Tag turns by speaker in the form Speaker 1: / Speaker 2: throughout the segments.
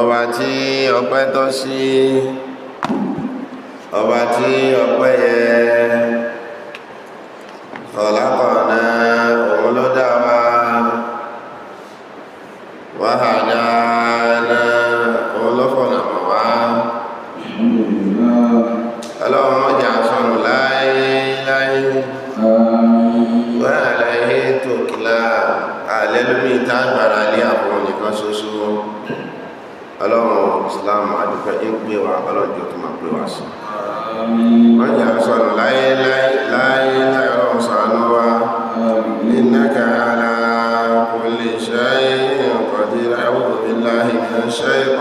Speaker 1: ọba tí ọpẹ́ tọ́ sí ọba tí ọpẹ́ yẹ ọ̀la اسلام ادفا ان بي وا قال جوت ما لا لا لا لا رسالوا انك على كل شيء قدير اعوذ بالله من الشيطان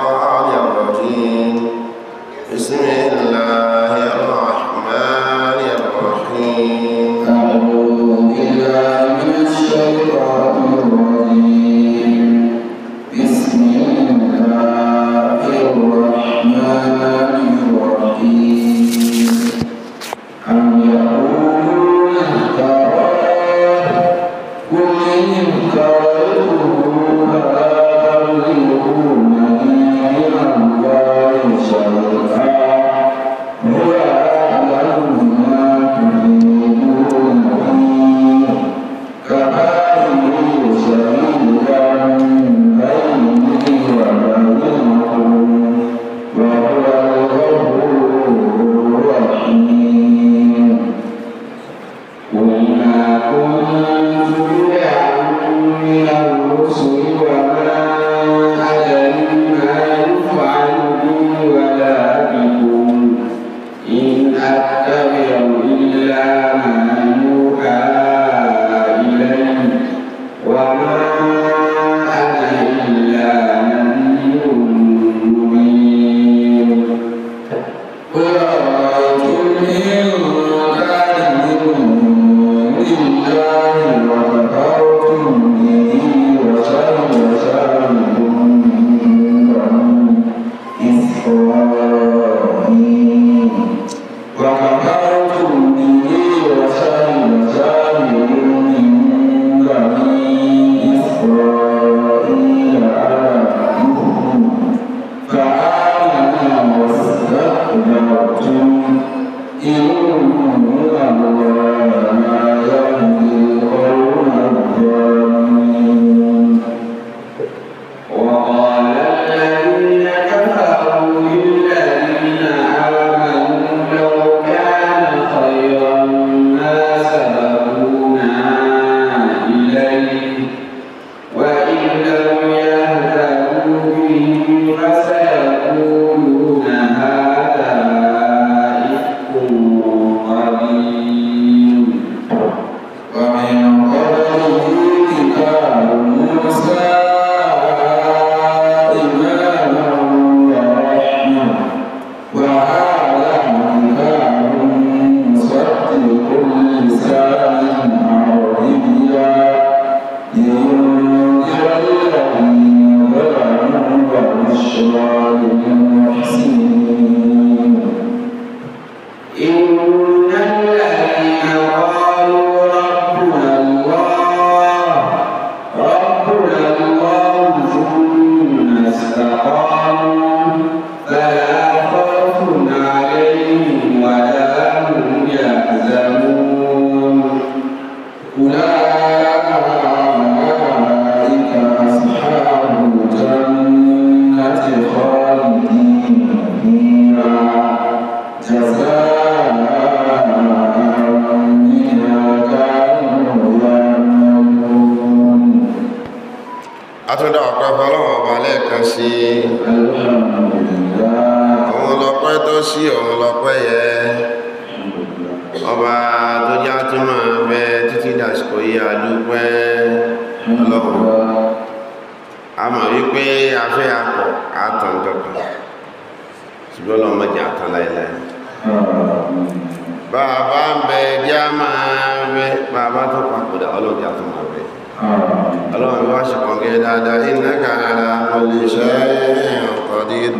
Speaker 1: Sadid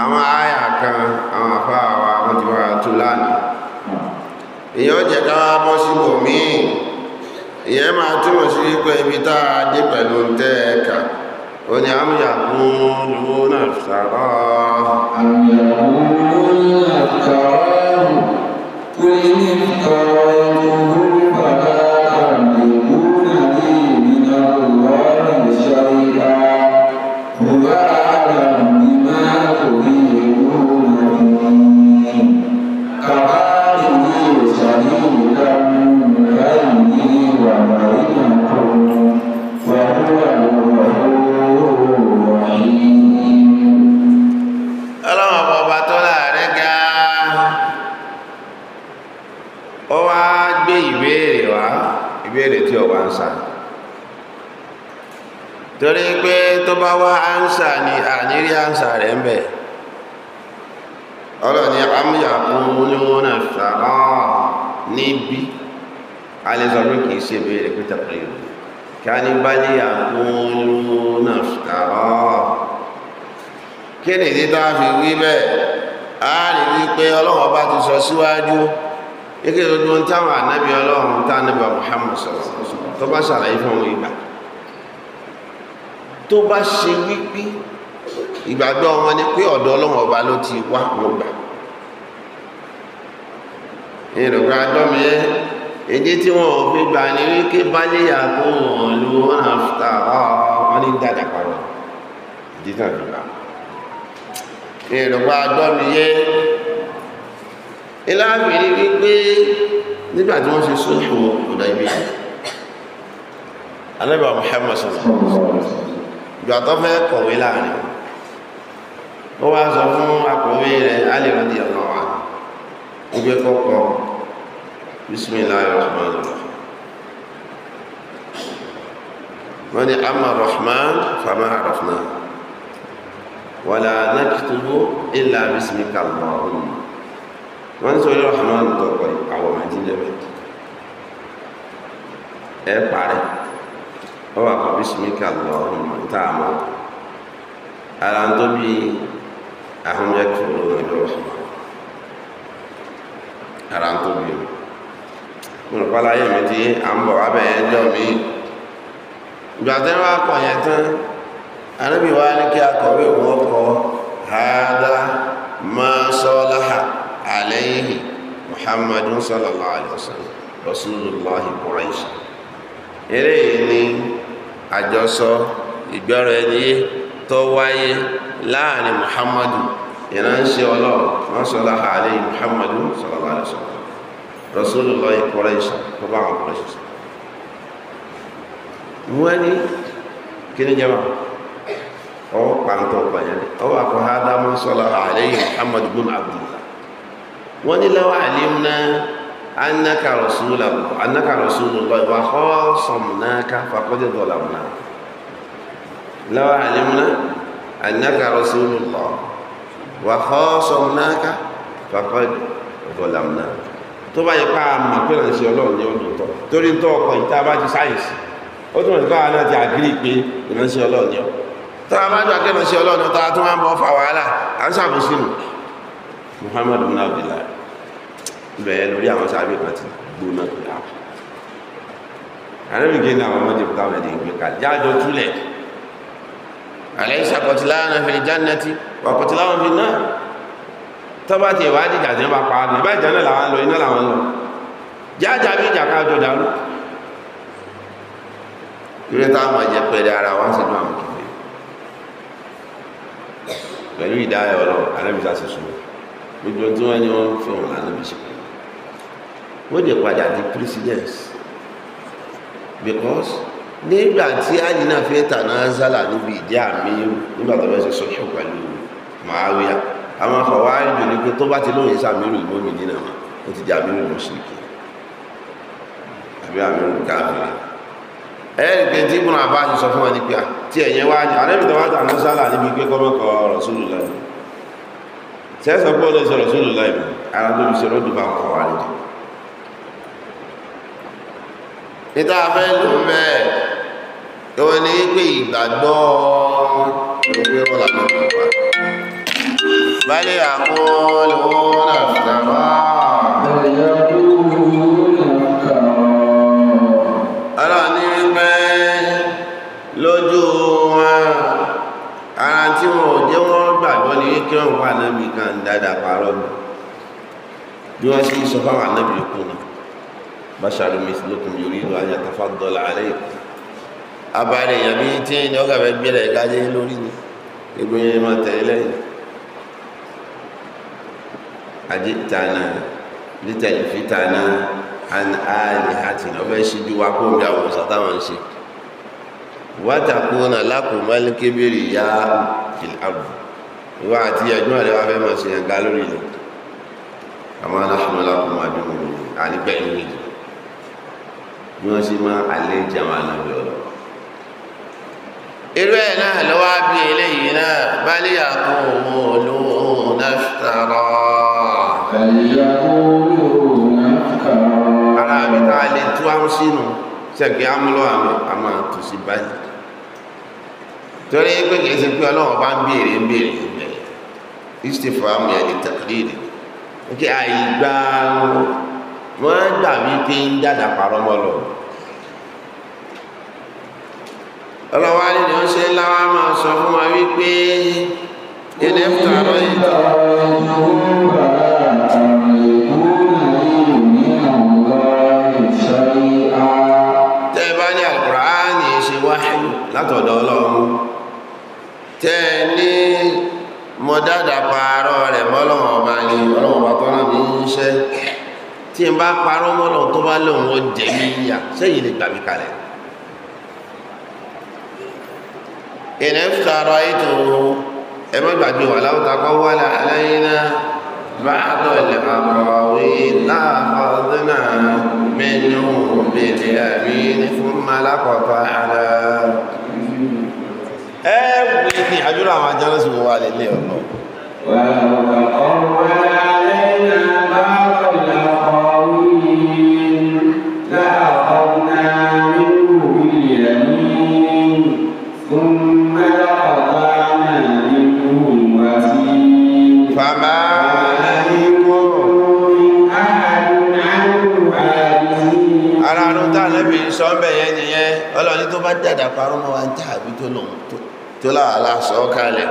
Speaker 1: àwọn àyà kan àwọn àfá àwa wọn ti wá tó lánàá èyàn jẹ́ ká bọ́ sí bòmíì ìyẹn máa túmọ̀ sí wípé ibi tá a dé pẹ̀lú tẹ́ ẹ̀ka ó ní àmì yàkún lónà sàrọ́ àmì yàkún lónà sàrọ́ kò ní kọ́ ẹ̀kọ́ torí pé tó bá wá ánsà ni àníri ánsà rẹ̀ ń bẹ̀ ọlọ́ni amúyàkún ní wọ́n náà sàrọ̀ níbi alẹ́sọ̀rọ̀ kìí ṣe bèèrè pẹ́tà pẹ̀lú kánibálì àkúnlú náà sàrọ̀ kí ni ìdí tá fi wí bẹ́ẹ̀ a rí wí pé ọlọ́run ọba ti sọ síwájú táwọn ànábì ọlọ́run tá ànábì Muhammad sọ̀rọ̀ tó bá ṣàlàyé fún ìgbà tó bá ṣe wípé ìgbàgbọ́ wọn ni pé ọ̀dọ̀ ọlọ́run ọba ló ti wá wọn gbà ìrùkà dọ́mìẹ́ èdè tí wọn ò fi gbà ní wípé balẹ̀ yàgò wọn ló wọn àfta wọn ní dàdà parọ́ ìdí náà ló gbà ìrùkà dọ́mìẹ́ ìlàbìrì wípé nígbà tí wọ́n ṣe sóṣù ọ̀dà ibi Ànábì Muhammad sallallahu alaihi wasallam ìgbà tó fẹ́ kọ̀wé láàrin ó wá sọ fún akọ̀wé rẹ̀ Ali radiyallahu anhu ìgbé kọ́kọ́ bismillahir rahmanir rahim wọ́n ni amma rahman fama arafna wala naktubu illa bismika allahumma wọ́n sọ ilé rahman tọ́kọ̀ àwọn ọmọdé ẹ̀ parẹ́ wọ́n wà pọ̀ bísímíkà lọ́rùn tá a mọ̀ ara ń tó bí ahun yẹ kúrò lọ́dọ̀ ọ̀sùn ara ń tó bí o mo rò pálá yé mi tí à ń bọ̀ abẹ́ ẹjọ́ mi ìgbà tẹ́ wá yẹn tán anábì wa ní kí akọ̀wé wọn kọ hada máa sọ́láhà àlẹ́yìn muhammadun sallallahu alaihi wasallam rasulullah ibrahim eléyìí ni àjọsọ ìgbọ́rọ̀ ẹni yé tó wáyé láàrin muhammadu ìránṣẹ́ ọlọ́run wọ́n sọ láha alẹ́ muhammadu sallallahu alaihi wasallam rasulullah quraish tó bá àwọn quraish sọ wọ́n ní kí ni jẹ́wọ́ ọwọ́ pàǹtọ̀ pàyẹ́ ọwọ́ àkọ́hádá mọ́ sọ láha alẹ́ muhammadu bin abdullah wọ́n ní law alimna annaka rasulahu annaka rasulullahi wa khasamnaka faqad dhalamna law alimna annaka rasulullah wa khasamnaka faqad dhalamna tó bá yẹ pa mọ̀ pé ràn sí ọlọ́run ní ọdún tọ́ torí tó ọkọ̀ ìta bá ti sáyẹ̀nsì ó tún rẹ̀ báwa náà ti àgírí pé ràn sí ọlọ́run ní ọ tó a bá jọ akẹ́ràn sí ọlọ́run tó a tún fa wàhálà à ń sàbòsínú muhammadu bin abdullahi bẹ́ẹ̀ lórí àwọn sábẹ́ kan ti gbóná pé a àrẹ́bìgé ní àwọn ọmọdé bùkà wẹ̀ lè gbé kalẹ̀ jáàjọ túlẹ̀ àlẹ́ ìṣàkọtìlá náà fi jáná tí wàkọtìlá wọn fi náà tọ́ba ti ìwà àdìjà tí wọ́n bá pa á ní ìbá ìjà náà làwọn lọ iná làwọn lọ jáàjà bí ìjà ká jọ dàrú ìrẹ́ táwọn máa jẹ pẹ̀lẹ́ ara wa sínú àwọn kìfẹ́ pẹ̀lú ìdáyà ọlọ́run àrẹ́bìsà sì sùn gbogbo tí wọ́n ní wọ́n fẹ́ wọ́n dẹ̀ padà di president because nígbà tí alina fẹ́ tanazala níbi ìdí àmìírù nígbà tó bẹ́ẹ̀ ṣe sọ́ṣọ́ pẹ̀lú Muawiya àwọn afọwọ́ àìjò ní pé tó bá ti lóyìn sàmìírù ìlú mi nínà wọn ó ti di àmìírù mọ̀ṣíkì àbí àmìírù káàkiri ẹ̀rì pé tí ibùnà bá ti sọ fún wọn ní pé ah, tí ẹ̀yẹn wá ní àrẹ́bì tó wá tanazala níbi pé kọ́mọ́kọ́ Rasulullah sẹ́sọ̀ pé ó lè sọ Rasulullah ara tó fi ṣe rọ́dùbà kọ̀ wá níta fẹ́ lò ń bẹ́ẹ̀ ìwọ̀n ni pé ìgbàgbọ́ òwe wọn lànà ìgbà balẹ̀ àkọọ́lẹ̀ wọn náà fìtàmá ara ní pẹ́ lójú wọn ara tí wọn ò jẹ́ wọn gbàgbọ́ ní kí wọn wà náà bí kan dáadáa pàrọ̀ bí wọ́n sì sọ fáwọn ànábì kùnà báṣàrù mìsìlókùn yuridu an yatafaddala alaykum abalẹ̀ èèyàn bíi tí ní ọgá fẹ́ gbé rẹ̀ kájé lórí ni egbò yẹn máa tẹ̀lé lẹ́yìn ajé tànà níta ìfi tànà àlè àti ọbẹ̀ ṣíjú wa kó bí àwọn ọ̀sán táwọn ń ṣe wátàkùnà lákùnmọ́lé kébèrè yá kìláàbù ìwà àti ẹ̀gbọ́n rẹ̀ wá fẹ́ máa ṣe yàn ga lórí ilẹ̀ àwọn aláṣọ lákùnmọ́ àdúgbò àníbẹ̀ẹ́ méjì bí wọ́n ṣe máa àlejò àwọn àlàbí ọ̀rọ̀ irú ẹ̀ náà lọ́wọ́ bí eléyìí náà bá lè yàtọ̀ òun olóhùn náà ṣàrọ̀ ara mi ta lè tú àwọn sínú sẹ́gbẹ̀ẹ́ amúlọ́ àmì àmà tó sí báyìí torí pé kìí ṣe pé ọlọ́run bá ń béèrè ń béèrè ń béèrè istifamu yẹn ni taqlid ní kí àyè gbáà wọ́n á gbà wí pé ń dàdà parọ́ mọ́ lọ. ọlọ́wọ́ alẹ́ ni wọ́n ṣe ńlá wa máa sọ fún wa wípé ilé ń tààrọ́ yìí látọ̀dọ̀ ọlọ́run tẹ́ ẹ ní mọ pààrọ̀ rẹ̀ mọ́ ọba ni ọlọ́run ọba tọ́lá mi ń ṣe tí n bá parọ́ mọ́lọ̀ tó bá lọ́wọ́ wọn jẹ mí yíyà sẹ́yìn lè gbà mí kalẹ̀. ìrìn fúta ara ètò ẹ má gbàgbé wà láwùjọ kan wà láyé náà bá a lọ ilẹ̀ àkọ̀wé láàfọ̀dúnà mẹ́nu bèbè àmì ní fún malakọ̀tà ara. ẹ wùlé ní àdúrà àwọn ajá lọ́sùn wà lélẹ̀ ọ̀nà. wà á lọ
Speaker 2: kọ́ wá.
Speaker 1: dàdà parọ́ mọ́ wa ń tà àbí tó lòun tó láàlá sọ ọ́ kalẹ̀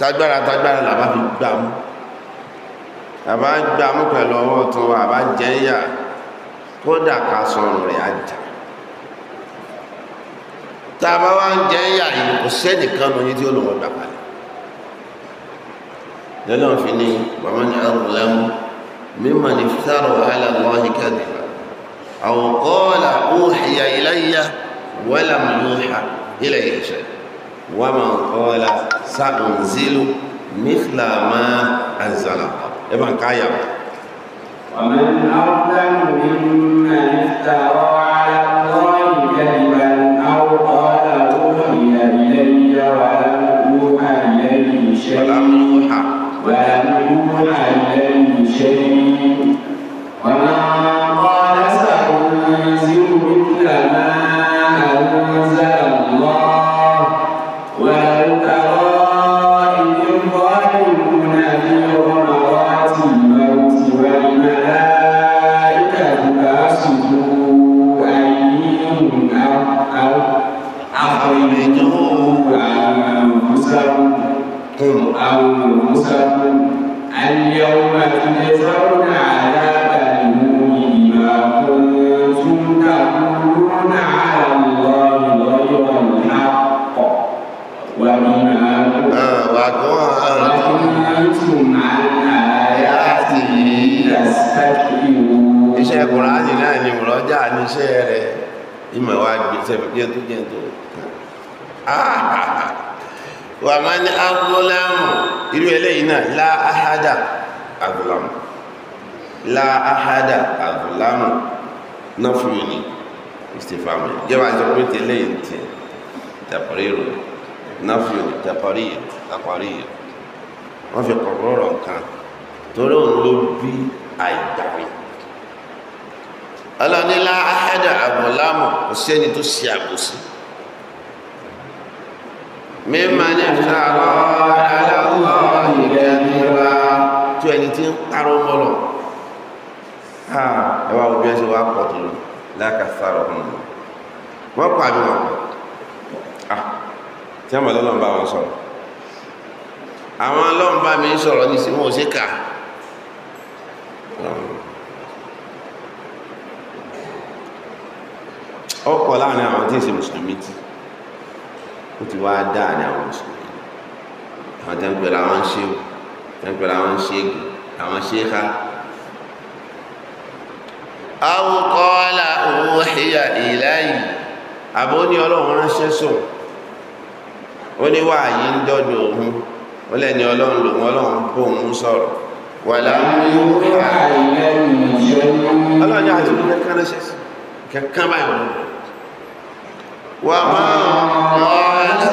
Speaker 1: tágbára tágbára làbá fi gbà mú àbá gbà mú pẹ̀lú ọwọ́ tó wà àbá jẹ́ yà kódà ká sọ̀rọ̀ rẹ̀ àjà tá a bá wá ń jẹ́ yà yìí kò sẹ́nìkan lọ yìí tí ó lòun ọgbà kalẹ̀ lọ́lọ́run fi ní bàbá ní àrùn lẹ́mú mímọ̀ ní fítàrọ̀ àlàlọ́ ìkàdìbà àwọn kọ́ọ̀là ó hìyà ìláyà ولم يوحى إليه شيء ومن قال سأنزل مثل ما أنزل الله ابن قيم ومن
Speaker 2: أظلم ممن افترى
Speaker 1: túmọ̀ wá gbé sẹ́fẹ̀ jẹ́ tó jẹ́ tó wà máa ní agbólámù irú eléyìí náà la ahada agbólámù la ahada agbólámù náà fún yìí ní istifamu jẹ́wọ́ àjọ pé tẹ́lẹ̀ yìí ti tàpárí rò náà fún yìí tàpárí yìí tàpárí yìí wọ́n fi kọ̀ọ̀rọ̀ kan torí òun ló bí àìgbàmí ọlọ́nilá ahada àbọ̀lámù kò sí ẹni tó ṣe àbòsí mímọ̀ ní ìṣàrọ̀ aláwọ̀
Speaker 2: ìrẹ́mìíra
Speaker 1: tó ẹni tí ń parọ́ mọ́lọ̀ ẹwà òbí ẹsẹ̀ wà pọ̀ tó lò lákàtàrọ̀ hàn wọ́n pa àbí wọn tí a mọ̀ lọ́lọ́ bá wọn sọ̀rọ̀ àwọn ọlọ́run bá mi sọ̀rọ̀ ní sí wọn ò sí kà ọkọ̀ láàrin àwọn tí ń mùsùlùmí tí ó ti wá dáa ní àwọn mùsùlùmí àwọn tẹ́ ń pẹ̀lú àwọn ṣéwù tẹ́ ń pẹ̀lú àwọn ṣéègì àwọn ṣéèkà owó ṣíyà ìláyìí àbó ní ọlọ́run ránṣẹ́ sùn ó ní wà yí ń dọ́dọ̀ òun ó lẹ́ni lòun ومن قال ọ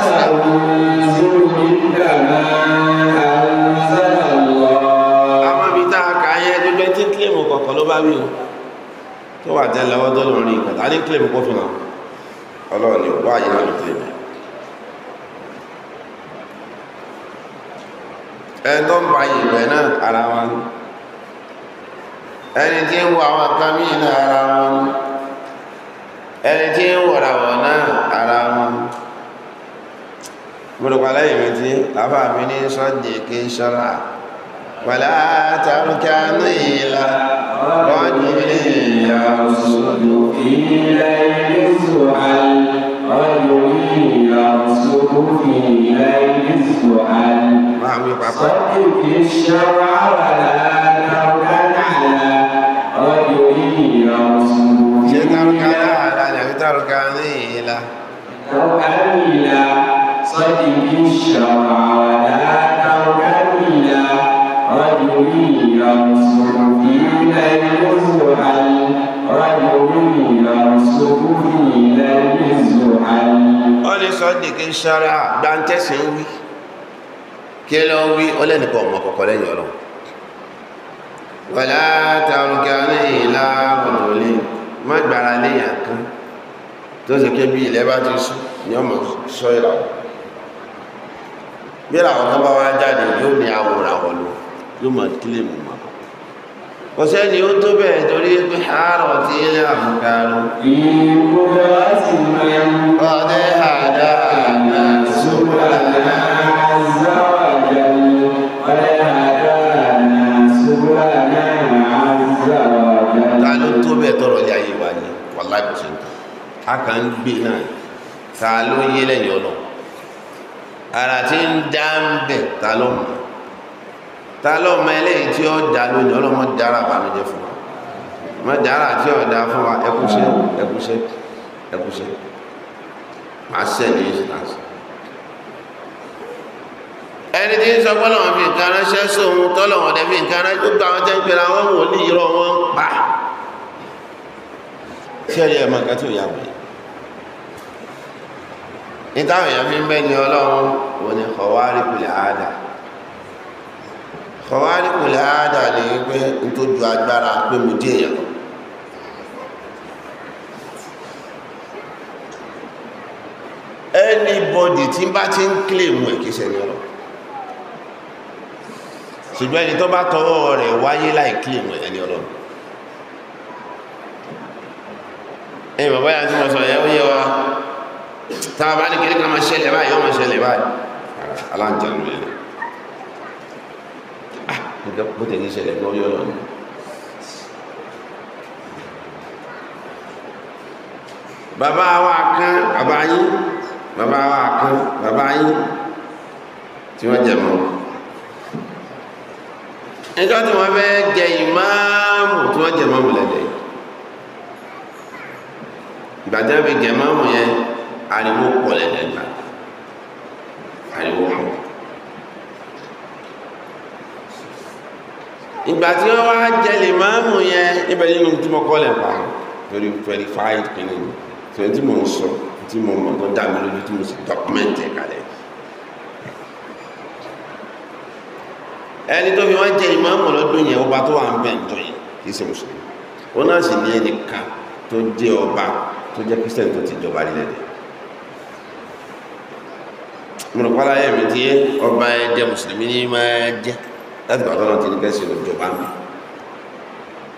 Speaker 1: tó wà jẹ́ lọ́wọ́ tó lórí ìkàtà ní kílèmù kó fi hàn ọlọ́run ni wá yìí lọ́nà kílèmù ẹni tó ń ba ìgbẹ́ náà ara wọn ẹni tí ń wo àwọn nǹkan náà ara wọn ẹni tí ń náà ara wọn gbọ́dọ̀pá lẹ́yìn mi tí láfà mi ní sọ́dì kí n ṣọ́ra wàlá tàbíkà ní ìlà
Speaker 2: rọ́jì ní ìyà òṣòdò ilẹ̀ ìlú ọjọ́ ìyà òṣòdò ilẹ̀ ìlú sọ́dì tàbíkà ní ìlà rọ́jì ilẹ̀ ìlú
Speaker 1: ọjọ́ ìyà òṣòdò ilẹ̀ تركن
Speaker 2: إلى صدق شرع ولا تركن إلى رجل يرسل في ليل زحل رجل يرسل في ليل زحل قال
Speaker 1: صدق شرع دانتسن وي kí ló wí ọlẹ́nìkan ọmọ kọ̀kọ̀ lẹ́yìn ọlọ́run wà látàrùkẹ́ ní ìlà ọ̀rọ̀ lè má gbára léyàn kan tó ṣe ké bí ilẹ̀ bá ti sú ni ọmọ sọ ìràwọ̀ bí ìràwọ̀ kan bá wá jáde yóò ní àwọn ìràwọ̀ lò yóò mọ̀ kílè mọ̀ mọ̀ kò sẹ́ni ó tó bẹ̀rẹ̀ torí pé àárọ̀ tí
Speaker 2: ilé àmúkarú. ìgbòho wá sí mẹ́rin. ọ̀dẹ́ àdá àná sókòlá náà. ta ló tó bẹ́ẹ̀
Speaker 1: tọrọ ilé ayé wa ni wàláì kò a kàn ń gbé náà ta ló yé lẹ́yìn ọlọ́ ara tí ń dá ń bẹ̀ ta ló mọ̀ ta ló mọ eléyìí tí ó dá lónìí ọlọ́mọ dára bànújẹ́ fún wa mọ dára tí ó dá fún wa ẹkúṣẹ́ ẹkúṣẹ́ ẹkúṣẹ́ máa ṣẹ́ ní instance ẹni tí ń sọ pé lọ́wọ́ fi nǹkan ránṣẹ́ sóhun tọ́lọ̀wọ̀n dẹ̀ fi nǹkan ránṣẹ́ gbogbo àwọn tẹ́ ń pera wọn wò ní irọ́ wọn pa ṣé ẹ̀rí ẹ̀ mọ̀ nǹkan tí ò ní táwọn èèyàn fi ń mẹ́ni ọlọ́run òun ni kọ̀wárí kùlẹ̀ àádà kọ̀wárí kùlẹ̀ àádà ni pé n tó ju agbára pé mo dé èèyàn anybody tí bá ti ń claim ẹ̀ kìí ṣẹ̀ni ọlọ́run ṣùgbọ́n ẹni tó bá tọwọ́ rẹ̀ wáyé láì claim ẹ̀ ní ọlọ́run ẹ̀yìn bàbá yà tí mo sọ yẹ ó yẹ wa tá a bá ní kiri kan máa ṣẹlẹ̀ báyìí yóò máa ṣẹlẹ̀ báyìí aláǹjẹ̀nu yẹn ah, bó tẹ̀lé ṣẹlẹ̀ gan yọ̀ lọ́nà. bàbá wa kan bàbá yín bàbá wa kan bàbá yín tí wọ́n jẹ mọ́ ẹjọ́ tí wọ́n fẹ́ jẹ ìmáàmù tí wọ́n jẹ mọ́mù lẹ́dẹ̀ẹ́ ìgbàjẹ́ fi jẹ mọ́mù yẹn ariwo pọ̀ lẹ́dẹ̀gbà ariwo pọ̀. ìgbà tí wọ́n wá jẹlè máàmù yẹn níbẹ̀ nínú tí mo kọ́ lẹ̀ pa very verified kìnìún tí wọ́n ti mò ń sọ tí mo mọ̀ tó dá mi lójú tí mo sì dọ́kúmẹ́ǹtì kalẹ̀. ẹni tó fi wọ́n jẹ ìmáàmù lọ́dún yẹn ọba tó wà ń bẹ̀ ń jọ yẹn kì í ṣe mùsùlùmí ó náà sì ní ẹnìkan tó jẹ́ ọba tó jẹ́ kristian tó ti jọba nílẹ̀ dẹ̀ mùrùpàlà yẹ mi ti yẹ ọba ẹ jẹ mùsùlùmí ní máa jẹ láti bàtà náà ti ní kẹsì ìjọba mi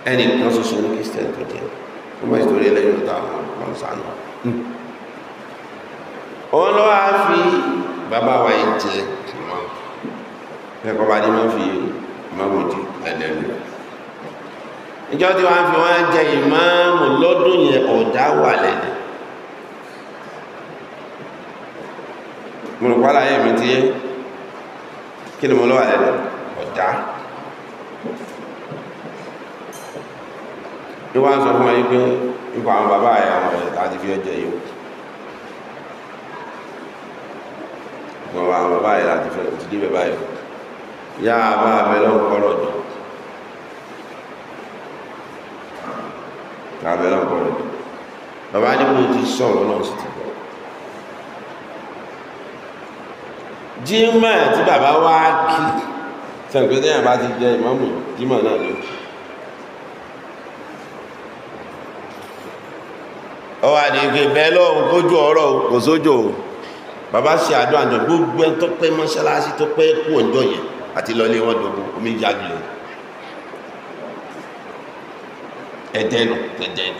Speaker 1: ẹnì kan ṣoṣo ní kristian tó jẹ ọmọ ìtòrí ẹlẹyìn ọta àwọn ọmọ sànù òun lọ wá fi bàbá wa yìí jẹ ọmọ ẹ̀kọ́ bá dé máa fi ìmáàmù jẹ ìjọ tí wọn fi wọn jẹ ìmáàmù lọ́dún yẹn ọdá wà lẹ́nu. mo rò pálá yẹ mi ti yẹ kí ni mo lọ́wọ́ lẹ́nu ọ̀dá ní wọ́n sọ fún wa yí pé ipò àwọn bàbá àyà àwọn ọ̀rẹ́ láti fi ọjọ́ yìí wọ́n wà àwọn bàbá àyà láti fẹ́ ti dé bẹ́ẹ̀ báyìí yá bá abẹ́ lọ́wọ́ kọ́rọ̀ jù abẹ́ lọ́wọ́ kọ́rọ̀ jù bàbá ní mo ti sọ̀rọ̀ náà sì ti bọ̀ jímọ̀ tí bàbá wá kí sẹ́ǹkì tó yàn bá ti jẹ ìmọ̀mù jímọ̀ náà ni ó wà ní ìgbè bẹ́ẹ̀ lọ́hùn kójú ọ̀rọ̀ kò sójò bàbá ṣe àdó àjọ gbogbo ẹni tó pẹ́ mọ́ṣáláṣí tó pẹ́ kú òǹjọ yẹn àti lọlé wọn dògbò omi jágilẹ̀ ẹ̀dẹ́nu ẹ̀dẹ́nu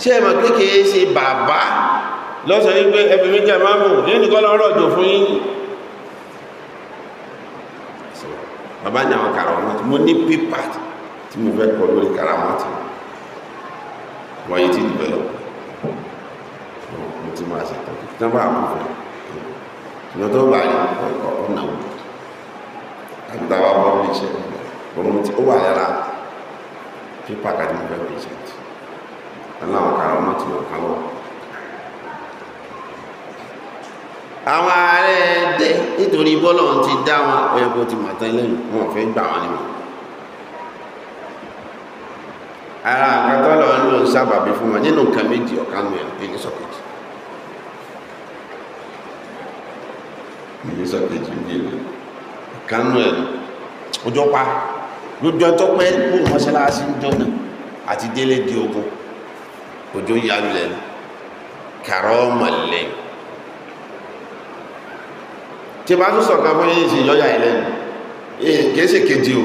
Speaker 1: ṣé ẹ kékeré ṣe bàbá lọ́sọ̀ yí pé ẹbí méjì àmáàmù yìí nìkan lọ rọ̀ jò fún yín bàbá ní àwọn kàràmọ́tì mo ní pépà tí mo fẹ́ kọ lórí kàràmọ́tì wọ́n yìí ti dìbẹ̀lọ̀ mo ti máa ṣètò tí wọ́n ìjọ tó bá rí ọ̀pọ̀ ọ̀nà wò àwọn ààrẹ dẹ nítorí bọ́lọ̀ ti dá wọn ọyọ kó ti màtán lẹ́nu wọn ò fẹ́ gbà wọn nímọ̀ ara nǹkan tó lọ ló ń sábàbí fún wọn nínú nǹkan méjì ọ̀kan nù ẹ̀ ní sọ̀kejì ní sọ̀kejì ń bí ọ̀kan nù ẹ̀ ọjọ́ pa lójú ọjọ́ pẹ́ ní mọ́ṣáláṣí ń jọ náà àti délé di ogun òjò yálù lẹ́nu tí bá tún sọ̀kan fún yìí sí yọ́yà ẹlẹ́nu kèése kejì o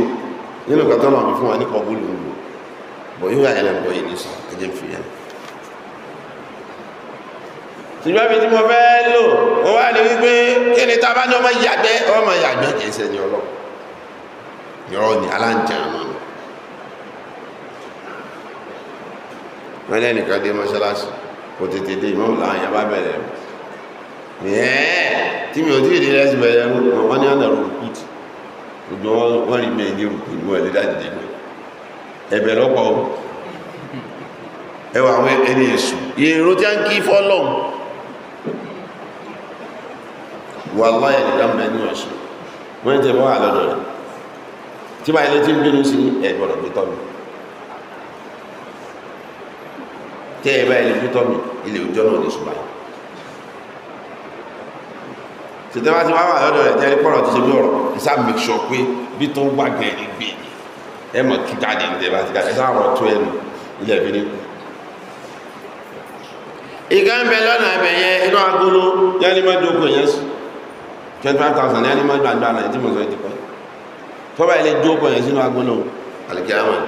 Speaker 1: nínú ìgbà tọ́lọ̀ mi fún wa nípa ọgbọ́n lòun bọ̀ yóò yà ẹlẹ́nu bọ̀ yìí ní sọ ẹjẹ́ fi yẹn ṣùgbọ́n mi tí mo fẹ́ lò wọ́n wá ní wípé kí ni tábà ní ọmọ yàgbẹ́ ọmọ yàgbẹ́ kìí ṣe ní ọlọ́ yọrọ ni aláǹjẹ àmọ́ wọ́n ní ẹnìkan dé mọ́ṣáláṣí kò tètè dé ìmọ̀ làwọn yàrá bẹ̀rẹ̀ tí mi ò tí ì dé lẹ́sìn bẹ̀rẹ̀ rú wọ́n ní ọ̀nà rúkú tì gbogbo wọ́n rí mi ní rúkú ìwọ̀n ẹ̀lẹ́ dájú dé mi ẹ̀bẹ̀ lọ́pọ̀ ẹwà àwọn ẹni èṣù ìrún tí a ń kí fọ́lọ́m wà láyẹ̀ nígbà mẹ́ ní ọ̀ṣun wọ́n jẹ́ mọ́ àlọ́dọ̀ rẹ̀ tí bá ilé tí ń bínú sí ẹ̀gbọ̀rọ̀ gbé tọ́ mi ẹ̀ bá ilé gbé tọ́ ilé òjọ́ náà ní ṣùgbọ́n ṣètẹ́ bá ti wá wà lọ́dọ̀ rẹ̀ tẹ́lẹ̀ pọ̀rọ̀ ti ṣe bí ọ̀rọ̀ ẹ sá make sure pé bí tó wà gẹ̀ẹ́rì gbé ni ẹ mọ̀ tú jáde ní tẹ́lẹ̀ bá ti jáde sáà rọ̀ tó ẹnu ilẹ̀ fi ní. ìgbà ń bẹ lọ́nà ẹ̀bẹ̀ yẹn inú agolo yẹ́nì mọ́ dókòó yẹn sùn twenty five thousand yẹ́nì mọ́ gbàgbà náà tí mo sọ ti pẹ́ tọ́ba ilé dókòó yẹn sínú agolo àlùkí àwọn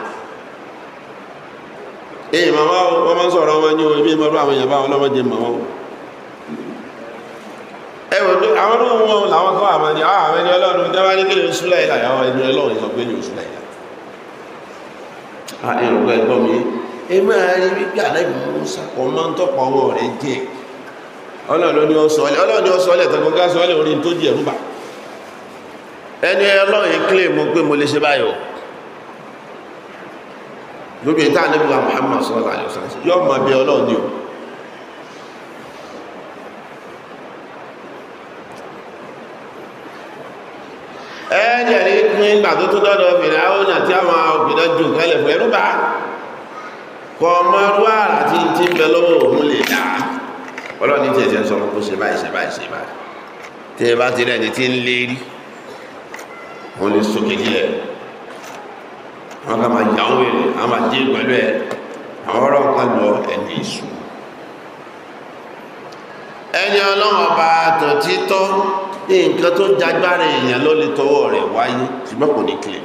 Speaker 1: èèyàn máa wọ́n máa sọ̀rọ̀ wọn ní omi ẹwọ̀n tó àwọn tó mú wọn làwọn kọ́ àmọ́ ni àwọn ẹni ọlọ́run tẹ́wà ní kí lè ń súlẹ̀ ìlà àwọn ẹni ọlọ́run sọ pé ní òsúlẹ̀ ìlà àìrùn ẹ̀gbọ́n mi ẹ máa rí wípé àlẹ́bí musa kò máa ń tọ́pọ̀ ọwọ́ rẹ̀ jẹ́ ọlọ́run ni ó sọ ọlẹ́ ọlọ́run ni ó sọ ọlẹ́ tọ́gbọ́ ká sọ ọlẹ́ orin tó jẹ́ rúbà ẹni ọlọ́run kílè mú pé mo lè ṣe báyọ̀ lóbi ìta àlẹ́bí wa Muhammad sọ́ọ́lá yọ̀ sọ́ọ́lá ẹ̀ẹ́dẹ̀rí pín ìgbà tó tó dọ́dọ̀ fìràún àti àwọn òbìnà jù kẹlẹ̀ fún ẹrú bá kọ ọmọ ọdún àrà tí ń ti bẹ lọ́wọ́ òun lè dá ọlọ́ni tí ẹ̀sẹ̀ ń sọ kó ṣe báyìí ṣe báyìí ṣe báyìí tí ẹ bá ti rẹ̀ ní tí ń lé rí wọ́n lè sókè díẹ̀ wọ́n ká máa yàwó èrè a máa dé pẹ̀lú ẹ̀ àwọn ẹni ìṣù ẹni ọlọ́run nǹkan tó jagbára èèyàn ló lè tọwọ́ rẹ̀ wáyé ṣùgbọ́n kò ní kílẹ̀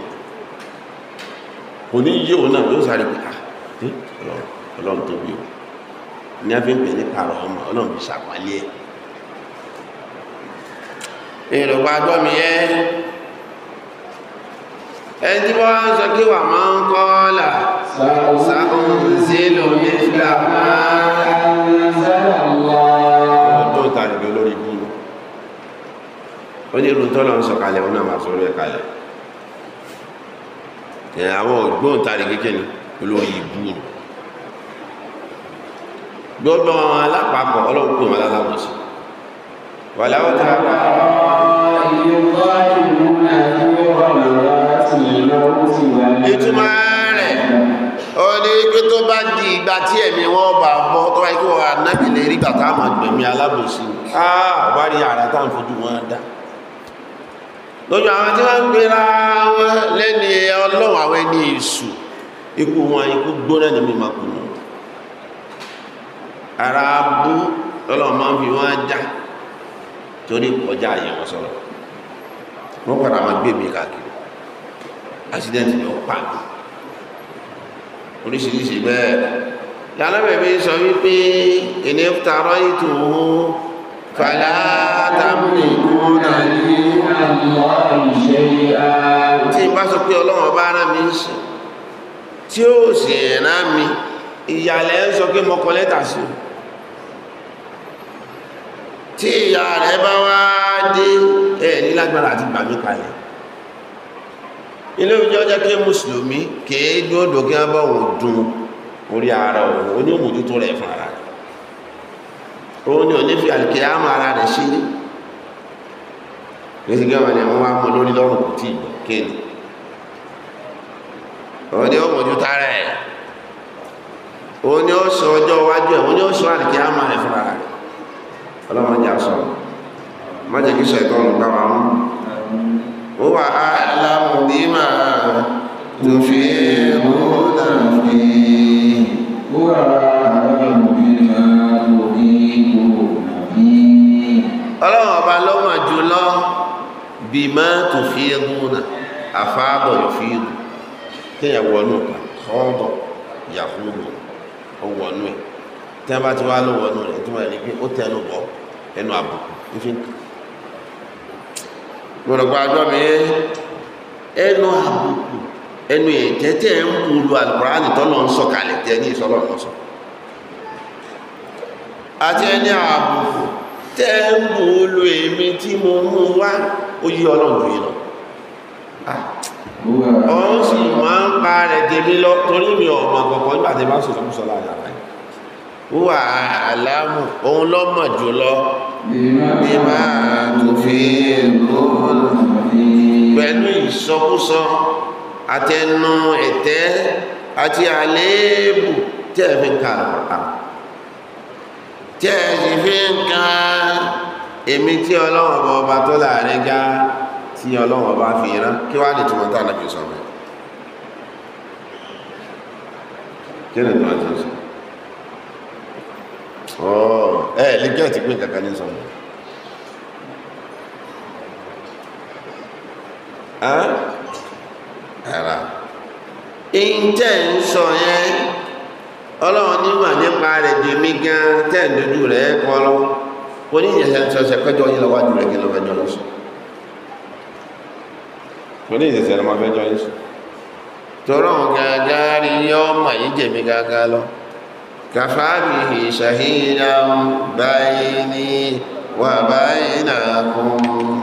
Speaker 1: kò ní yí òun náà yóò sáré pé ah, ọlọ́run tó bí o ní a fi ń pè ní pààrọ̀ ọmọ ọlọ́run fi ṣàpálí ẹ̀ èrò pa gbọ́ mi ẹni tí wọ́n sọ kí wà máa ń kọ́ là sàkóńsí lómi máa ń sàkóńsí onírú tọ́lọ̀ ń sọ̀kalẹ̀ wọn náà máa sọ̀rọ̀ ẹ̀ kalẹ̀ ẹ̀ àwọn ògbóǹtarì kékeré ni olórí ìbú ni gbogbo àwọn alápapọ̀ ọlọ́run pè wọn lálàbòsí
Speaker 2: wà láwọn tá a bá ìtumọ̀ rẹ̀
Speaker 1: ó ní pé tó bá di ìgbà tí ẹ̀mí wọn bá bọ́ tó wáyé kí wọ́n anábìlẹ̀ rí bàtà àmọ̀ gbẹ̀mí alábòsí àwárí àrà tá à ń fojú wọn dá lójú àwọn tí wọ́n gbéra wọn lẹ́ni ọlọ́run àwọn ẹni èṣù ikú wọn ikú gbóná ní mímọ̀ kùnú ara bú lọ́lọ́run máa ń fi wọ́n já torí kọjá àyẹ̀wò sọ̀rọ̀ wọ́n padà máa gbé mi káàkiri accident ni ó pa mi oríṣiríṣi bẹ́ẹ̀ yàrá bẹ̀rẹ̀ sọ wípé ènìyàn tààrọ̀ ètò òun fàlá tamlikuna ní àmọ́ ìṣe ìhà. tí n bá sọ pé ọlọ́run bá rán mi ń sìn tí ó sì rán mi ìyàlẹ̀ ń sọ pé mo kọ lẹ́tà sí i tí ìyá rẹ̀ bá wá dé ẹ̀ ní lágbára àti gbàmí kalẹ̀ ilé ìjọ jẹ́ kí mùsùlùmí kìí dúdú kí wọ́n bá òun dun orí ara òun onímùdú tó rẹ̀ fún ara rẹ̀ òun ni ò ní fi àlùkìyámà ara rẹ̀ ṣe ní lóṣù gẹ́gẹ́ ni àwọn wá mọ lórí lọ́rùn kò tí ì gbọ́ kéènì òun ni ó mọ̀jú tára ẹ̀ òun ni ó sọ ọjọ́ iwájú ẹ̀ òun ni ó sọ àlùkìyámà rẹ̀ fúnra rẹ̀ ọlọ́run jà sọ má jẹ́ kí sọ ẹ̀kọ́ ọ̀run gbà mú ó wà
Speaker 2: á lámùbí máa tó fi ń
Speaker 1: bìmá tó fi ẹ̀gún náà àfáàbọ̀ yóò fi ẹ̀gún kéèyàn wọnú ọ̀pá kọ́ọ̀bọ̀ yàhúrò ọwọ́nú ẹ̀ tí a bá ti wá lọ́wọ́nú rẹ̀ tó máa ní pé ó tẹnu bọ̀ ẹnu àbùkù nífi gbọ̀dọ̀gbọ̀ àjọ mi ẹnu àbùkù ẹnu ẹ̀jẹ̀ tẹ̀ ń wúlò àlùkùránì tọ́lọ̀ ń sọ kalẹ̀ tẹ̀ ní ìsọlọ̀ ń sọ àti ẹni àbùkù tẹ̀ ń wúlò èmi tí mo mú wá ó yí ọlọ́run jù yìí lọ ah. ọ̀hún sì máa ń pa rẹ̀ tèmi lọ torí mi ọ̀mọ̀ kọ̀ọ̀kan nígbà tí bá sọ fún sọlá àdàbà yìí wúwà àlámù òun lọ mọ̀ jù máa tó fi pẹ̀lú ìsọkúsọ àtẹnu ẹ̀tẹ́ àti àléébù tẹ́ẹ̀ fi ń ka àkọ́ta tẹ́ẹ̀ sì èmi tí ọlọ́run ọba ọba tó láàrin gá tí ọlọ́run ọba fi rán kí wá lè túmọ̀ tá àlàbí sọ bẹ́ẹ̀ kí ni túmọ̀ tó sọ ọ ẹ lè jẹ́ ìtìpín kankan ní sọmọ ara ìjẹ́ ń sọ yẹn ọlọ́run nígbà nípa rẹ̀ dèmí gan tẹ́ ń dojú rẹ̀ kọ́ lọ́wọ́ wọ́n ní ìyẹ̀sẹ̀ tí ọ̀sẹ̀ pẹ́jọ yìí lọ́wájú rẹ̀ kí ló fẹ́jọ yìí sùn wọ́n ní ìyẹ̀sẹ̀ lọ́mọ fẹ́jọ yìí sùn tọrọ gàgà rí ọmọ yìí jẹ̀mí gàgà lọ kàfàbí ṣàhíra báyìí ní wà báyìí náà kún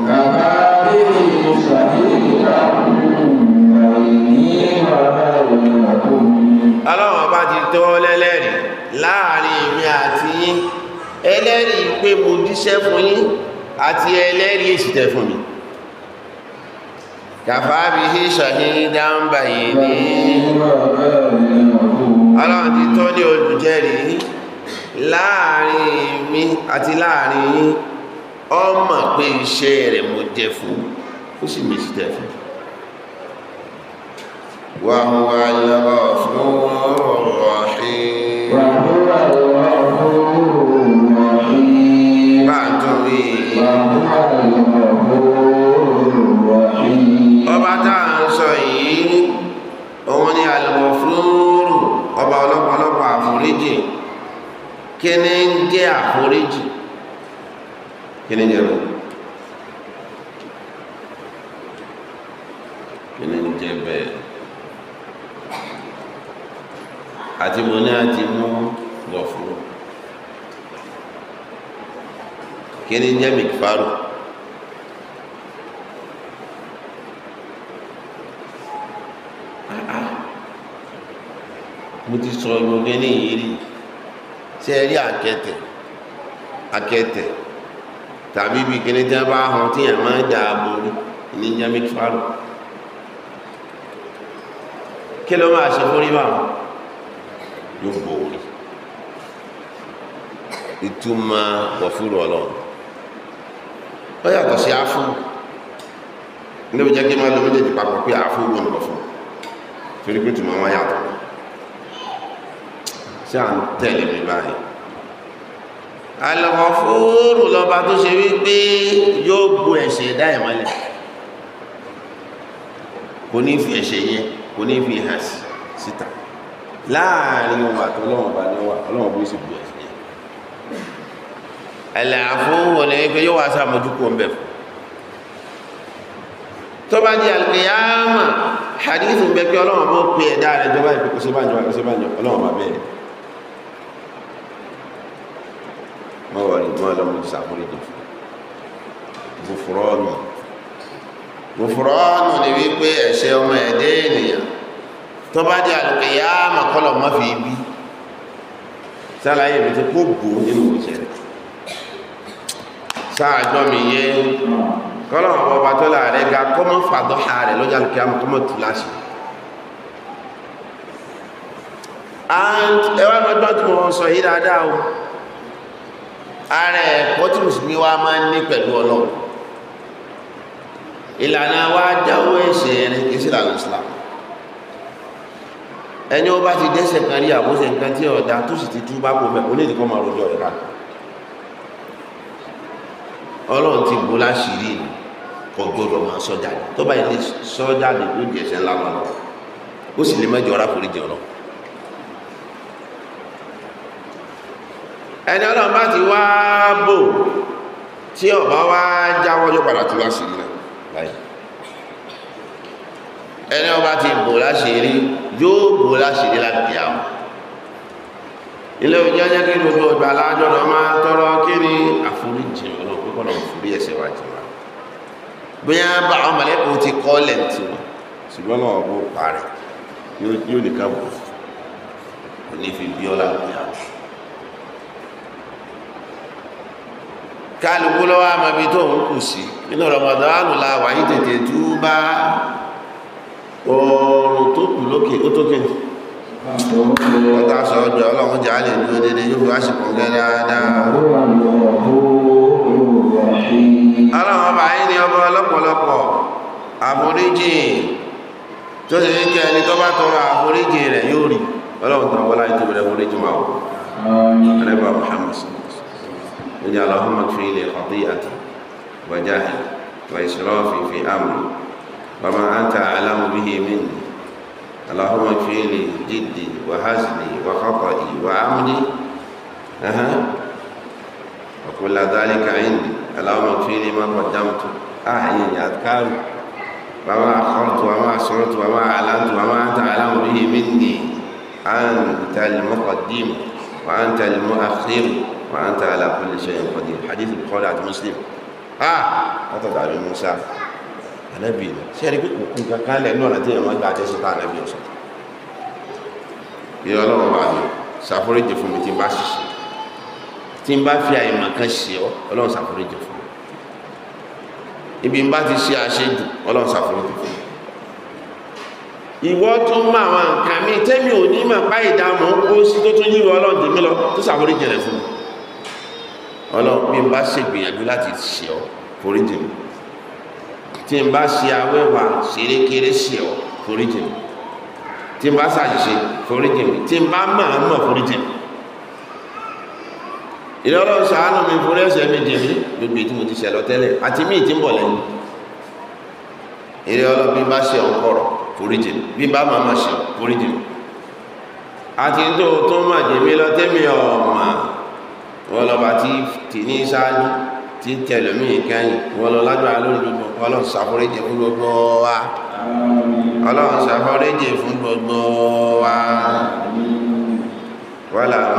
Speaker 1: kàfàbí ṣàhíra ti tó lẹ́lẹ́rìí láàrin èmi àti yín ẹlẹ́rìí pé mo díṣẹ́ fún yín àti ẹlẹ́rìí èsì tẹ́ fún mi kàfàábi ṣàhí dáńbà yìí ní ọlọ́run ti tọ́ ní olùjẹ́rìí láàrin mi àti láàrin ọmọ pé iṣẹ́ rẹ̀ mo jẹ fún ó sì mèsì tẹ́ fún wàhùn wà lọ́wọ́ fún ọ̀rọ̀ ọ̀hìn ọba tá à ń sọ yìí òun ni àlùmọ̀ fúrúrù ọba ọlọ́pọ̀lọpọ̀ àforíjì kí ni ń jẹ́ àforíjì kí ni jẹ́ bẹ́ẹ̀. àti mo ní àti mú lọ kíni ń jẹ́ mikfaru mo ti sọ ìmọ̀gé ní ìyírí ṣé ẹ rí àkẹtẹ̀ àkẹtẹ̀ tàbí bí kíni tí wọ́n bá hàn tí yẹn máa ń dà borí ní ń jẹ́ mikfaru kí ló máa ṣe fún rí báwọn yóò borí ìtumọ̀ wọ̀fúrú ọlọ́run ó yàtọ̀ sí áfú ní ó jẹ́ kí máa lo méjèèjì papọ̀ pé áfú wò ń lọ fún torí pé tùmọ̀ wọn yàtọ̀ sí à ń tẹ̀lé mi báyìí alẹ́kọ̀ọ́fóró lọ́ba tó ṣe wípé yóò bu ẹ̀ṣẹ̀ dá ìmọ́lẹ̀ kò ní fi ẹ̀ṣẹ̀ yẹ kò ní fi hàn síta láàrin ọmọ àti ọlọ́run ọba ni wà sì bu ẹ̀ṣẹ̀ ẹ̀lẹ́ àfọwọ́ ní pé yóò wá sàmójúkú ọ̀bẹ̀ fún tó bá di àlùkìyàmà hadithu bẹ pé ọlọ́run bó pe ẹ̀dá rẹ̀ tó bá ìpè kò sí bàjọ́ kò sí bàjọ́ ọlọ́run bá bẹ́ẹ̀ mọ́ wọ̀ ní mọ́ ọlọ́run ti sàkúrẹ́ kó bò nínú ìṣẹ̀lẹ̀ sáàjọ́ mi yé kọ́nà ọba tó láàrẹ́ ga kọ́mọ́ fàdọ́ha rẹ̀ lọ́jà kí a kọ́mọ́ tù láṣì and ẹwà mọ́gbọ́n tí wọ́n sọ yí dáadáa o ààrẹ ẹ̀kọ́ tí mùsùlùmí wa máa ń ní pẹ̀lú ọlọ́run ìlànà wa jáwó ẹ̀ṣẹ̀ ẹ̀rẹ́ kìí sí ìlànà Islam ẹni ó bá ti dẹ́ṣẹ̀ kan rí àbóṣe nǹkan tí ọ̀dà tó sì ti tú bá kò mẹ́ onídìí kọ́ máa rojọ́ rẹ̀ ọlọ́run ti bo láṣìírí kò gbọdọ̀ máa sọ jáde tó bá ilé sọ jáde tó jẹ ẹ̀ṣẹ̀ ńlá wọn lọ ó sì lè mẹjọ ọ̀rá foríjì ọ̀rọ̀ ẹni ọlọ́run bá ti wá bò tí ọba wá jáwọ́ yóò padà tú láṣìírí náà láyé ẹni ọba ti bò láṣìírí yóò bò láṣìírí láti di àwọn
Speaker 2: ilé ìjọ́jẹ́ kí gbogbo ìgbà lájọ́ máa
Speaker 1: tọrọ kí ni kọ́nà òfúrí ẹ̀ṣẹ̀ wa jù wá bóyá bá àwọn mọ̀lẹ́kùn ti kọ́ lẹ́ǹtì wọn ṣùgbọ́n náà ọ̀bọ̀ parẹ́ yóò nìkan bù kò ní fi bí ọlá bí àwọn. kálukú lọ́wọ́ àmọ́bí tó ń kù sí nínú Ramadan la wà yí tètè tú bá oòrùn tó kù lókè ó tó kéde wọ́n ta sọ ọjọ́ ọlọ́run jà lè dúró dédé yóò fi wá sí kọ̀ọ̀gẹ́ dáadáa ọlọ́run ọba yìí ni ọba ọlọ́pọ̀lọpọ̀ àforíjì tó sì ní kí ẹni tó bá tọrọ àforíjì rẹ̀ yóò rí ọlọ́run tó wọlá ìtòbí rẹ̀ foríjì máa wọ̀ ẹlẹ́bàá Muhammad oní aláhùnmá fi ilẹ̀ ọ̀dí àti wàjáhì wà ìṣòrọ́fì fi àmì wàmà àǹtà وكل ذلك عندي اللهم اغفر لي ما قدمت أحيي أذكاري وما أخرت وما أسررت وما أعلنت وما أنت أعلم به مني أنت المقدم وأنت المؤخر وأنت على كل شيء قدير حديث البخاري مسلم ah látọ̀dọ̀ àbí musa ànábì ni ṣé ẹni pé kòkó kankan lẹ̀ náà láti ẹ̀wọ̀n gba àjẹsí tá ànábì ọ̀sán ìyá ọlọ́run bá mi ṣàforíjì fún mi tí n bá ṣiṣẹ́ tí n bá fi àìmọ̀ kan ṣe ọ́ ọlọ́run ṣàforíjì fún ibi ń bá ti ṣe àṣejù ọlọ́run ṣàforíjì fún ìwọ tún mọ àwọn nǹkan mi tẹ́mi ò ní mọ̀ pa ìdààmú ó sì tó tún yíwọ ọlọ́run jù mí lọ tó ṣàforíjì rẹ̀ fún mi ọlọ́run bí n bá ṣègbìyànjú láti ṣe ọ foríjì mi tí n bá ṣe awẹ́wà ṣerékeré ṣe ọ foríjì mi tí n bá ṣàṣìṣe foríjì mi tí n bá mọ̀ ọ́n mọ̀ foríjì ìrẹ́ ọlọ́run ṣàánú mi fún ẹ̀ṣẹ̀ mi jì mí gbogbo ètí mo ti ṣẹlọ tẹ́lẹ̀ àti mí ti ń bọ̀ lẹ́yìn ìrẹ́ ọlọ́run bí bá ṣe ọ̀kọ̀rọ̀ foríjì mi bí bá máa máa ṣe foríjì mi àti tó tó máa jì mí lọ tẹ́mi ọ̀mà wọn lọ́ba tí tì ní sáájú tí tẹ̀lómi ìkẹyìn wọn lọ lágbára lórí gbogbo ọlọ́run ṣàforíjì fún gbogbo wa ọlọ́run ṣàforíjì fún gbogbo wa wọ́n làwọn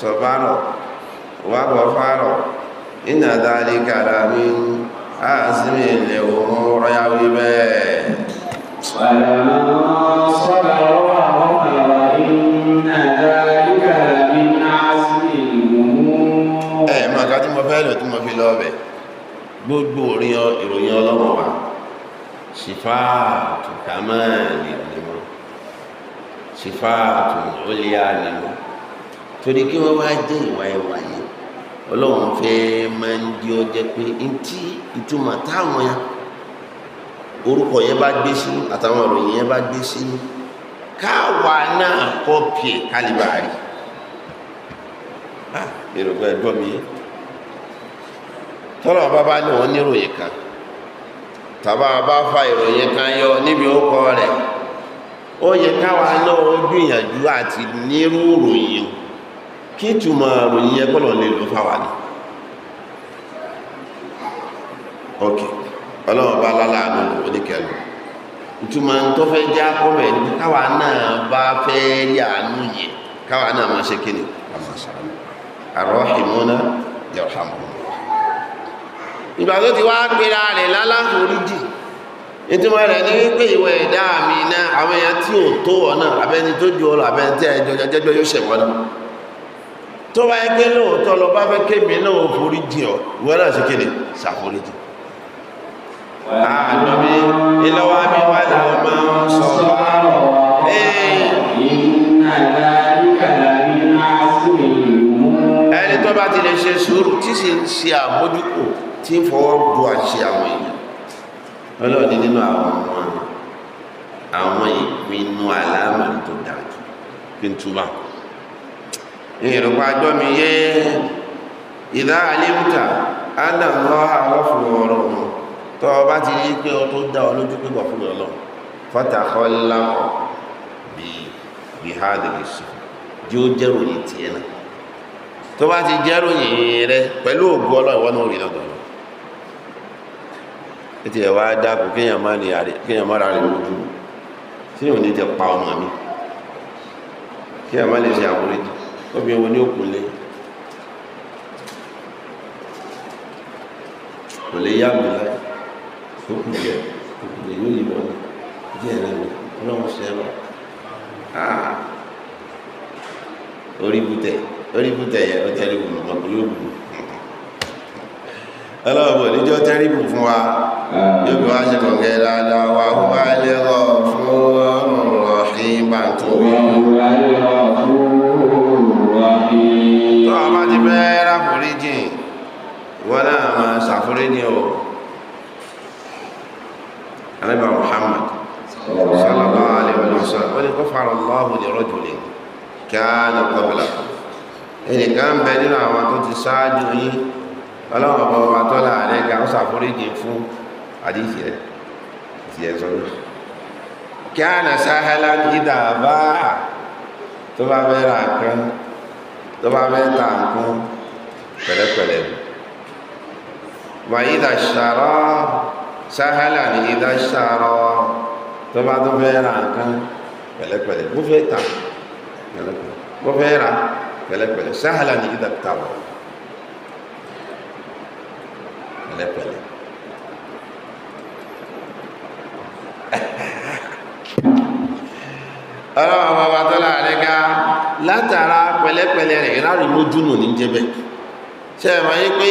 Speaker 1: صبر وغفر إن ذلك لمن عزم الأمور يا
Speaker 2: ولما صبر وغفر إن ذلك لمن عزم الأمور ẹ máa ká
Speaker 1: tí mo fẹ́ lò tí mo fi lọ bẹ̀ gbogbo ìròyìn ọlọ́wọ́ wa sifaatu kàmáà lè mọ́ sifaatu ó lè á lè mọ́ torí kí wọ́n wá jẹ́ ìwà ìwà yìí ọlọ́run fẹ́ máa ń di ọjẹ́ pé ntí ìtumọ̀ táwọn ya orúkọ yẹn bá gbé sínú àtàwọn ìròyìn yẹn bá gbé sínú káwa náà kọ́ pìẹ̀ kálíbà rí ah, èrò pé ẹ̀dọ́ mi yẹn tọ́lọ̀ bá bá ní wọ́n níròyìn kan tàbá bá fa ìròyìn kan yọ níbi orúkọ rẹ̀ ó yẹ káwa náà ó gbìyànjú àti nírú ìròyìn o. kí ìtumọ̀ ròyìn ẹgbọ́nà lè lò fáwà ní ọkẹ̀ ọlọ́run bá lálàánú oníkẹlù ìtumọ̀ tó fẹ́ jẹ́ akọ́rọ̀ ẹ̀ ní káwa náà bá fẹ́ rí àánú yẹ káwa náà máa ṣe kíni àrọ́ ìmúná yọ̀hàmù ìgbà tó ti wá pera rẹ̀ lálàforíjì ìtumọ̀ rẹ̀ ní wípé ìwọ ẹ̀dá mi náà àwọn èèyàn tí ò tó ọ̀ náà abẹ́ni tó ju ọ lọ abẹ́ni tí ẹjọ́ jẹ́jọ́ yóò ṣẹ̀wọ́n náà tó bá yẹ pé lóòótọ́ lọ bá fẹ́ kémi náà forí jì ọ́ ìwọ náà ṣe kéde ṣàforí jì. àlọ́ mi ìlọ́wọ́ mi wà láwọn máa ń sọ̀rọ̀ àrọ̀ ẹni tó bá ti lè ṣe sùúrù tí sì ń ṣe àmójúkò tí ń fọwọ́ bu àṣẹ àwọn èèyàn ọlọ́ọ̀dí nínú àwọn ọmọ àwọn ìpinnu àlámà tó dájú kí n túbà ìrùpa gbọ́mi yé ìdá àlébùtà ánàlọ́ àlọ́fù ọ̀rọ̀ tó o bá ti rí pé o tó dá ọ lójú pé gbọ̀fún lọ́lọ́ fọ́tàkọ́ lápọ̀ bí bihadiri sọ jí ó jẹ́rò yìí tiẹ̀ náà tó bá ti jẹ́rò yìí rẹ pẹ̀lú ògùn ọlọ́run wọn náà rí lọ́dọ̀ obìnrin wo ni ó kúnlé kò lè yá mi láì ó kúnlé ó kúnlé yóò yí wọn díẹ̀ rẹ̀ mi ọlọ́run ṣe wọn ah! orí bùtẹ̀ orí bùtẹ̀ yẹn ó tẹ́lẹ̀ wù mọ́ kó ló wù ọlọ́run bò níjọ́ tẹ́lẹ̀ wù fún wa yóò fi wá ṣe kọ̀ǹgẹ́ dáadáa wa ó bá lè rọ̀ fún ọmọ rọ̀ ṣì ọkùnrin ni ọ anábà Muhammad sallallahu alaihi wa sallam wọ́n ni kó fara Allahu li rajulin kana qablakum
Speaker 2: ẹnìkan bẹ nínú àwọn tó
Speaker 1: ti ṣáájú yín ọlọ́run ọba ọba tó láàrin ga ó ṣàforíjì fún àdìsí rẹ̀ ti ẹ̀ sọ́rọ̀ kana sahalan tó bá fẹ́ ra tó bá fẹ́ ta nǹkan wà ìdá ṣàrọ sáhálà ní ìdá ṣàrọ tó bá tó fẹ́ ra nǹkan pẹ̀lẹ́pẹ̀lẹ́ bó fẹ́ ta pẹ̀lẹ́pẹ̀lẹ́ bó fẹ́ ra pẹ̀lẹ́pẹ̀lẹ́ sáhálà ní ìdá tàwọ̀ pẹ̀lẹ́pẹ̀lẹ́ ọlọ́wọ́ bàbá tó láàrin ká látara pẹ̀lẹ́pẹ̀lẹ́ rẹ̀ ìrárí mójúnù ní jẹ́bẹ̀ ṣe é máa yí pé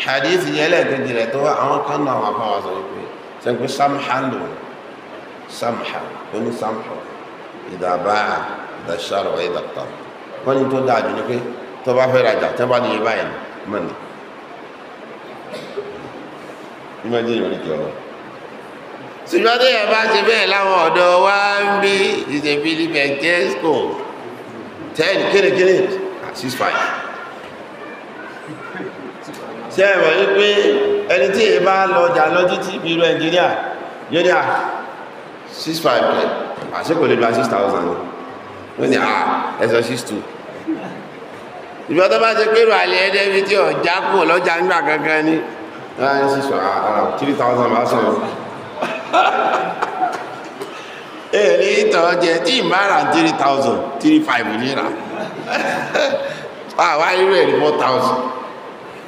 Speaker 1: hadith yẹn lẹ́ẹ̀kejì rẹ̀ tó àwọn kan náà wà fáwọn sọ wípé sẹ́kù samhan lò samha oní samha ìdàbà ìdàṣàrọ̀ ìdàtà wọ́n ní tó dáa jù ní pé tó bá fẹ́ rajà tó bá níye báyìí mọ́ni ìmọ̀ ní ìrìn kí ọ̀rọ̀ ṣùgbọ́n tó yẹ bá ṣe bẹ́ẹ̀ láwọn ọ̀dọ́ wa ń bí ìṣèbí ní bẹ̀ẹ́ jẹ́ school ten kéré kéré ah, six five ṣe ẹ̀mọ̀ wípé ẹni tí èyí bá lọ ọjà lọ títí bí irú ẹnjìníà yóò ní à 6,500 àṣíkò lè gba 6,000 yóò ní à ẹ̀sọ̀ 6,2 ìgbà tó bá ṣe pé ìrọ̀ àlẹ́ ẹ̀dẹ́ bí tí ọjà kù lọ́jà nígbà kankan ní 3,000 bá sọ̀rọ̀ èrí ìtàn jẹ tí ìmára 3,000 3,500 níra àwa irú ẹ̀rí 4,000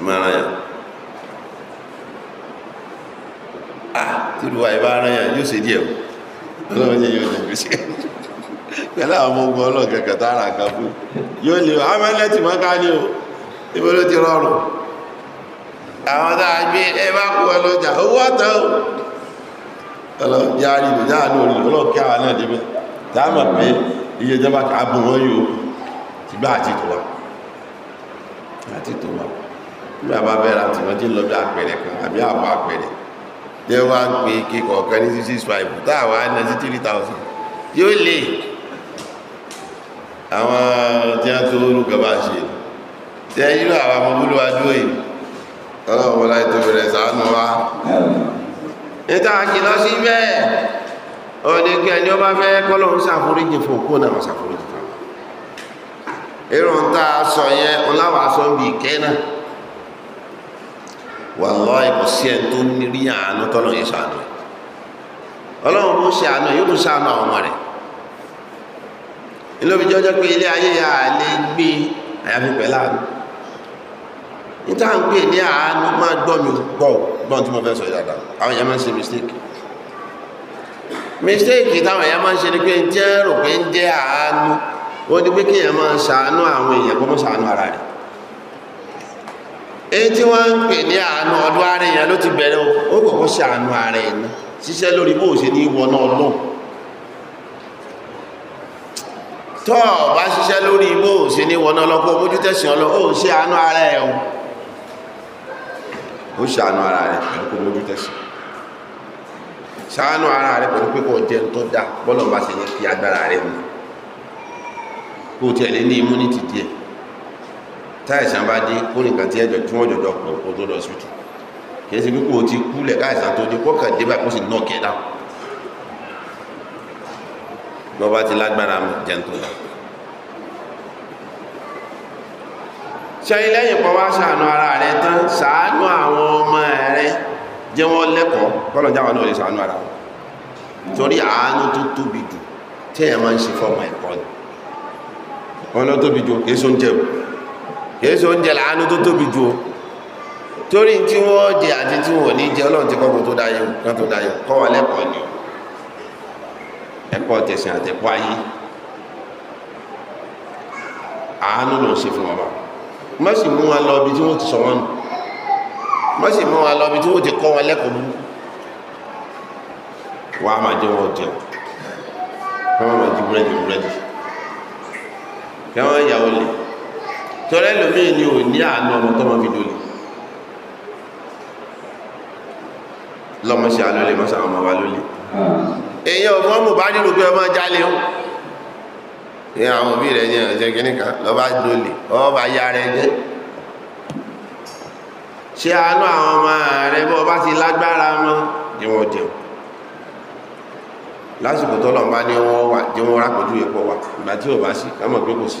Speaker 1: mọ́ra yàn ah tí ìlú wa ìbá ara yàn yóò ṣe díẹ̀ o ọlọ́run yẹn yóò dẹ̀gbẹ́ sí pẹ̀lú àwọn ọmọ ogun ọlọ́run kẹ̀kẹ́ tá ara kan fún yóò lè àwọn ẹlẹ́tì mọ́ká ni o ibo ló ti rọrùn àwọn tá a gbé ẹ bá kú ẹ owó ọ̀tọ̀ o ọlọ́run jẹ́ àrílò jáàánú orí ọlọ́run kí àwọn náà débẹ̀ tá a mọ̀ pé iye ìjọba kà á bù wọ́n yóò ti gbá àti tó wa àti tó wa nígbà bá bẹ́ẹ̀ ra tìmọ́ tí ń lọ bí àpẹẹrẹ kan àbí àbọ̀ àpẹẹrẹ jẹ́ wá ń pe kíkọ̀ kan ní six five táwa ní sí three thousand yóò lè àwọn tí wọ́n tó lùkọ́ bá ṣe tẹ́ irú àwọn ọmọ búlúwa dúró yìí ọlọ́run wọlá ètò ìbẹ̀rẹ̀ sàánú wa níta kìlọ́ sí bẹ́ẹ̀ ọ̀nìkẹ́ ẹni ọba fẹ́ kọ́lọ̀ ń ṣàforíjì fún òkú náà ṣàforíjì fún àwọn èrò ń ta sọ yẹn ọláwà sọ bí ìkẹ́ náà wàláhì kò sí ẹni tó rí àánú tọ́lọ̀ yẹn ṣàánú ẹ̀ ọlọ́run ló ṣe àánú ẹ̀ yóò tún ṣàánú àwọn ọmọ rẹ̀ ìlóbi jọjọ pé ilé ayé yà á lè gbé àyàfi pẹ̀lú àánú níta ń pè ní àánú máa gbọ́ mi gbọ́ gbọ́n tí mo fẹ́ sọ ìdàdà àwọn èèyàn máa ń ṣe mistake mistake táwọn èèyàn máa ń ṣe ni pé ń jẹ́ rò pé ń jẹ́ àánú ó ní pé kéèyàn máa ṣàánú àwọn èèyàn kó mọ́ ṣàánú ara rẹ̀ èyí tí wọ́n ń pè ní àánú ọdún ààrẹ yẹn ló ti bẹ̀rẹ̀ ó kọ̀kọ́ ṣe àánú ààrẹ yẹn ṣiṣẹ́ lórí bó ṣe ní wọná ọlọ́ tọ́ bá ṣiṣẹ́ lórí bó ṣe ní wọná ọlọ́pọ̀ mójú tẹ̀sìn ó ṣe àánú o ó ṣe àánú ara rẹ̀ pẹ̀lú kó mójú tẹ̀sìn ṣàánú ara rẹ̀ pẹ̀lú pé kò jẹ́ tó dáa bọ́lọ̀ bá ní immunity díẹ̀ táìsàn bá dé kó nìkan tí ẹjọ tí wọ́n jọjọ pọ̀ kó tó lọ síbítù kìí ṣe pípò tí kúlẹ̀ káìsàn tó dé kọ́kàn dé báyìí kó sì nà kẹ́ dáhùn bọ́ bá ti lágbára jẹun tó dà. ṣẹ́yìn lẹ́yìn pọ̀ wá ṣàánú ara rẹ tán ṣàánú àwọn ọmọ rẹ jẹ́ wọ́n lẹ́kọ̀ọ́ kọ́lọ̀ jáwọ́ náà lè ṣàánú ara wọn torí àánú tó tóbi jù tẹ́yẹ̀ máa ń ṣe fọ́ọ̀mù ẹ̀kọ́ ni wọn jù èso ń jẹun yéésù oúnjẹ làánú tó tóbi ju o torí tí wọ́n jẹ àti tí ní jẹ ọlọ́run ti kọ́kọ́ tó dáyé kan tó dáyé kọ́ wọn lẹ́kọ̀ọ́ ni ẹ̀kọ́ àtẹ̀kọ́ ayé àánú ló ń ṣe fún ọba má sì mú wọn lọ tí wọ́n ti sọ wọn nù má tí wọ́n ti kọ́ wọn lẹ́kọ̀ọ́ mú wọn wọ́n máa torí ẹlòmíì ni ò ní àánú ọmọ tọmọ fi dòlè lọmọ ṣe àlọlẹ mọṣà ọmọ wa lólè èyàn ọmọ mò bá nílò pé ọmọ jálẹ ń ní àwọn òbí rẹ ní ọjọ́ kìíní kan lọba dòlè ọba ya rẹ jẹ ṣe àánú àwọn ọmọ rẹ bọ bá ti lágbára mọ ni wọn jẹun lásìkò tọlọmọba ni wọn wà jẹun rákòjú èpọ wà ìgbà tí ò bá sí kámọ pé kò sí.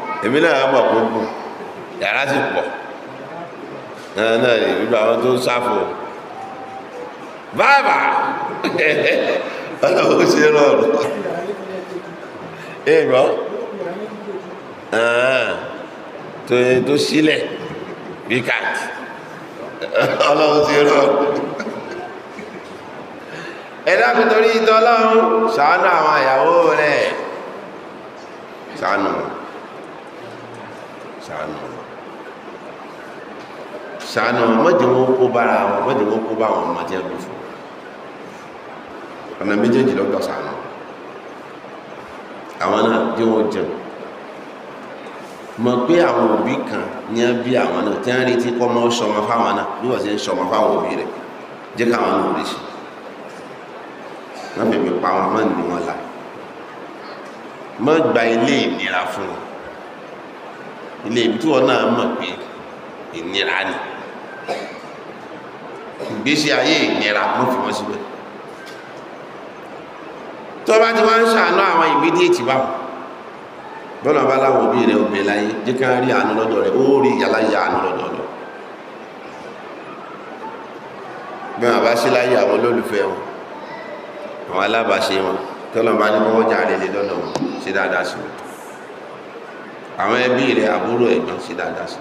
Speaker 1: èmi náà mọ̀ kó gùn yàrá sì pọ̀ náà náà lè gbogbo àwọn tó ń sáfò bàbá ọ̀nà ó ṣe rọrùn èèmọ́ tó sílẹ̀ wíkàtí ọlọ́run ti rọrùn ẹ̀dàkùn torí ìtọ́lọ́run ṣàánú àwọn ìyàwó rẹ̀ ṣàánú rẹ̀ ṣàánú wọn ṣàánú wọn mọ́jẹ̀ wọn kó bára wọn mọ́jẹ̀ wọn kó bá wọn ọmọ tí wọn kú fún ọ̀nà méjèèjì lọ́gbọ̀ ṣàánú àwọn náà jẹ́ wọn jẹun mọ̀ pé àwọn òbí kan ní ẹ bí àwọn náà tí wọ́n retí kọ́ mọ́ sọmọ fáwọn náà bí wọ́n ṣe ń sọmọ fáwọn òbí rẹ̀ jẹ́ káwọn náà rí sí wọ́n fẹ̀mí pa wọn mọ́ ní wọn la mọ́ gba ilé ìnira fún wọn ilé ibi tí wọn náà mọ̀ pé ìnira ni ìgbésí ayé ìnira mú fi wọn síbẹ̀ tó bá ti wá ń ṣàánú àwọn ìmídíètì báwọn bọ́lá bá láwọn òbí rẹ̀ òbí láyé jẹ́ ká rí àánú lọ́dọ̀ rẹ̀ ó rí ìyá láyé àánú lọ́dọ̀ rẹ̀ bí wọn bá ṣe láyé àwọn olólùfẹ́ wọn àwọn alábàáṣe wọn tọ́lọ̀ ní kọ́wọ́ jà lè lọ́dọ̀ wọn ṣe dáadáa sí wọn àwọn ẹbí rẹ àbúrò ẹ̀gbọ́n sí dáadáa sí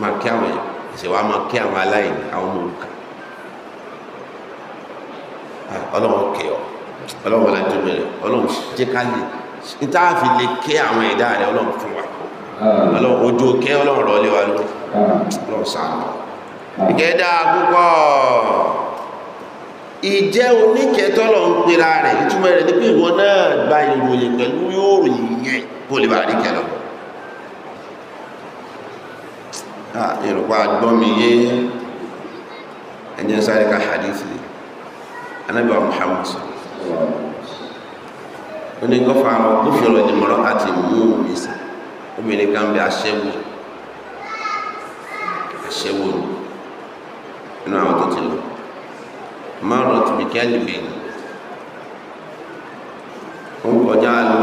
Speaker 1: máa kí àwọn yẹn ẹsẹ wa máa kí àwọn aláìní àwọn ọmọ òrùka ah, Ọlọ́run kẹ ọ Ọlọ́run ọlájú mi rẹ Ọlọ́run jẹ ká lè níta fi lè kẹ àwọn ẹ̀dá rẹ Ọlọ́run fún wa Ọlọ́run ojú kẹ Ọlọ́run rọlé wa lọ Ọlọ́run sàánù ìkẹdà púpọ̀ ìjẹ́ oníkẹtọ́ lọ ń pera rẹ̀ ìtumọ̀ rẹ̀ ní pé ìwọ náà gba ìròyìn pẹ̀lú yóò kó lè bá rí kẹlọ ìrùpa gbọ́mi yé ẹjẹ́ sáré ká hadithi Ànábì wa Muhammad ó ní gọ́fà àwọn gófìrò ìdìmọ̀rọ̀ àti mú ìsà obìnrin kan bí aṣẹ́wó aṣẹ́wó inú àwọn tó ti lọ márùn-ún ti bí kẹ́lì bẹ́ẹ̀ ó kọjá lọ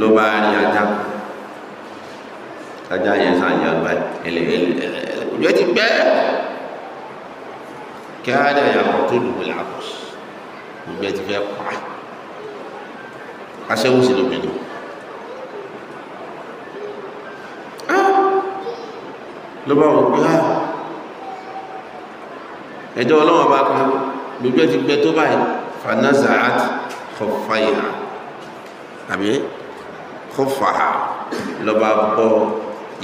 Speaker 1: ló bá rí ajá ajá yẹn sàn yàn gba ẹlẹ ẹlẹ ẹlẹ ojú ẹ ti gbẹ kí á dẹ yà kó tó lùmí làkùs ojú ẹ ti fẹ pa aṣẹ́wó sí lómi ló bá wọ pé ẹjọ́ ọlọ́wọ́n bá kan gbogbo ẹ ti gbẹ tó báyìí fanazaat kọfàyà àbí kófàá lọ́ba bọ́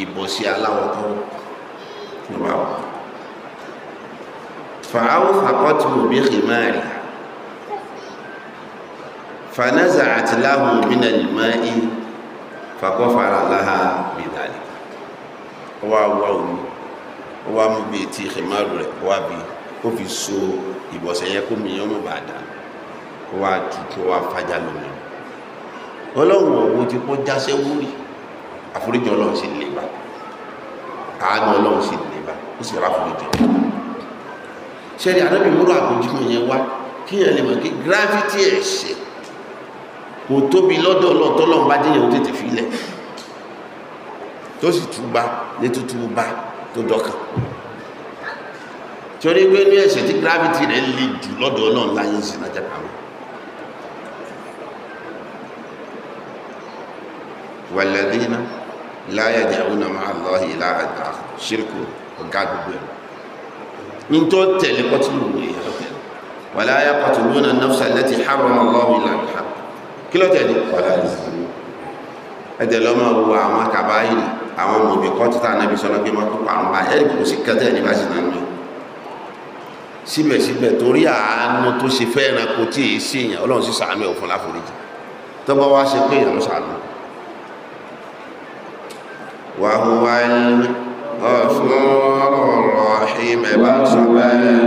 Speaker 1: ìbọ̀sí aláwọ̀ kan lọ́ba bọ́ fàáwù fàkọ́tù bí kìmáàrì fanaza àtìláhù bínà lìmáì fàkọ́fàrà láha bìdàlì wà wà omi wà mú bí tí kìmáàrù rẹ̀ wà bí ó fi so ìbọ̀sẹ̀ yẹ kó mi bàdà wà tutù wà fàjà lómi ọlọ́run òwò ti pọ́ jáṣẹ́ wúrí àforíjì ọlọ́run sì lè bá àánú ọlọ́run sì lè bá ó sì rà àforíjì ṣẹ́ni àdébì múrò àpòjúmọ̀ yẹn wá kí yẹn lè mọ̀ kí gravity ẹ̀ṣẹ̀ kò tóbi lọ́dọ̀ ọlọ́run tọ́lọ́run bá déyàn ó tètè filẹ̀ tó sì túba ní tútúba tó dọ́kàn torí pé ní ẹ̀ṣẹ̀ tí gravity rẹ̀ le jù lọ́dọ̀ ọlọ́run láyé ń sin wàlẹ́dínà láyé jàúnà máa lọ́hì láàdá ṣírkù ọ̀gá gbogbo ẹ̀ ní tó tẹ̀lé kọtìlú èèyàn tó tẹ̀lé wà láyé kọtìlú na nafsa lẹ́ti harọ́mọ lọ́wọ́ ìlànà kí ló tẹ̀lé kọlá ìsìnkú ẹ̀dẹ̀ lọ́mọ wo àwọn kàbáyìí àwọn mọ̀bí kọ́títà anábì sọ́nà pé wọ́n tó parun bá ẹ̀rí kò sí kẹtẹ́ ní báṣì náà síbẹ̀síbẹ̀ torí àánú tó ṣe fẹ́ ẹranko tí èyí sí èèyàn ọlọ́run sì sàánú ẹ̀ fún láforíjì tó wá ṣe pé èèyàn sàánú وهو الغفور الرحيم ọlọ́run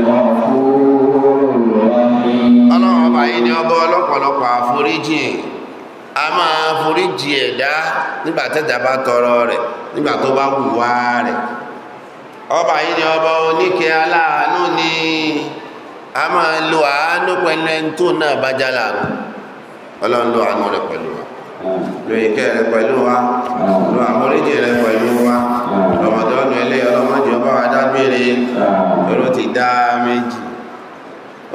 Speaker 1: ọba yìí الله ọba ọlọ́pọ̀lọpọ̀ àforíjì a máa foríjì ẹ̀dá nígbà tẹ́dá bá tọrọ rẹ̀ nígbà tó bá wùwá rẹ̀ ọba yìí ni ọba oníkẹ́ aláàánú ni a máa lo àánú pẹ̀lú ẹni tó náà bá jálà ọlọ́run lo àánú rẹ̀ pẹ̀lú lórí ìkẹ́ rẹ pẹ̀lú wa lo àforíjì rẹ pẹ̀lú wa lọ́mọdọ́nù ilé ọlọ́mọdé ọba wa dábìrì lóró ti dá méjì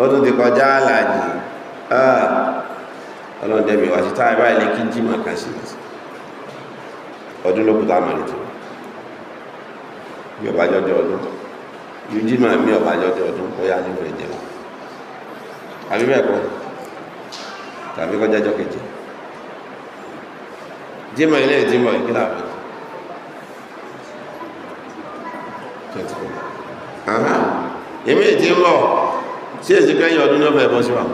Speaker 1: ó tún ti kọjá àlàjì ọlọ́dẹ̀bẹ̀ wà sí táì báyìí lè kí jìmọ̀ kà sí ọdún lókùtà mọ̀lẹ́tò bí ọba jọjọ ọdún yóò jìmọ̀ mí ọba jọjọ ọdún ó yá nínú ẹ̀jẹ̀ wọn àbí bẹ́ẹ̀ kọ́ tàbí kọjá jọ kejì jímọ̀ ilé ìjímọ̀ ìkílà àbẹ̀ èmi ìdí ń bọ̀ sí èsì kẹ́yìn ọdún náà bẹ̀rẹ̀ bọ́ sí wa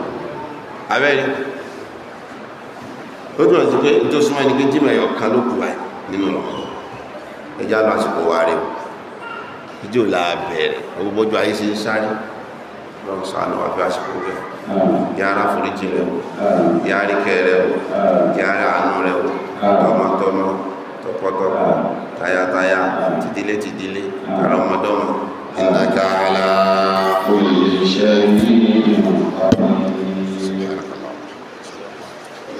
Speaker 1: abẹ́rẹ́ ó túnmọ̀ sí pé tó súnmọ́ ẹni pé jímọ̀ ẹ̀yọ̀ kan ló kù wáyé nínú ọmọ ẹjá lọ àsìkò wa rẹ̀ ìjọ làbẹ̀rẹ̀ ogbójú ayé ṣe sáré lọ́wọ́ sàánú wà fẹ́ àsìkò rẹ̀ yára foríjì rẹ̀ yára kẹ́ rẹ̀ yára àánú rẹ̀ tọmọtọmọ tọkọtọkọ tayataya tìdílé tìdílé tàrọmọdọmọ ìnàkà àlà olùṣẹ́ ní ìlú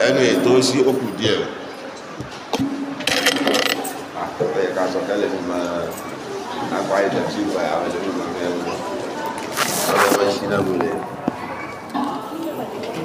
Speaker 2: ẹnu ètò sí òkú díẹ̀
Speaker 1: o àkọ́kọ́ yẹ ká sọ tẹ́lẹ̀ fún ma akọ ayé tẹ̀síwò àwọn ẹlẹ́nu ma fẹ́ wọ́n